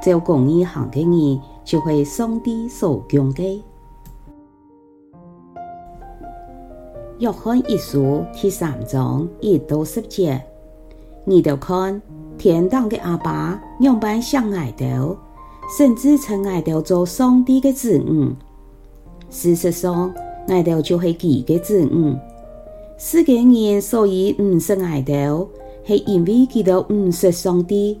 做公益行嘅人就會上帝受攻擊。約翰一書第三章一到十節，二頭看天堂嘅阿爸用板相愛頭，甚至稱愛頭做上帝嘅子女。事實上，愛頭就係佢嘅子女。世間人所以唔識愛頭，係因為佢哋唔識上帝。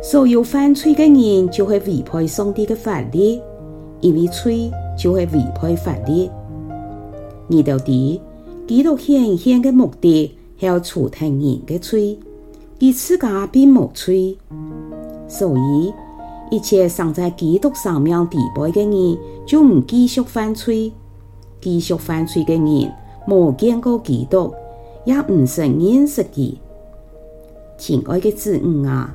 所有犯罪嘅人就會違背上帝的法律，因為罪就會違背法律。二到底基督顯現，現的目的，係要除掉人的罪，使自家變無罪。所以，一切生在基督上面地位的人，就唔繼續犯罪。繼續犯罪的人，無見過基督，也唔識認識佢。親愛的子女啊！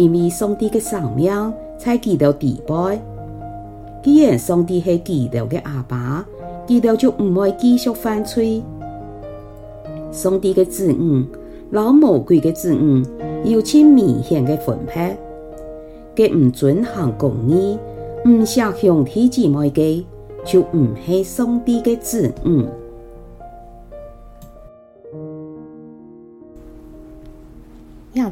因為上帝嘅生命才基督底拜，既然上帝係基督嘅阿爸，基督就唔會繼續犯罪。上帝嘅子女，老魔鬼的子女，有切明顯的分派，佢唔准行公義，唔實行兄弟姊妹，就唔係上帝嘅子女。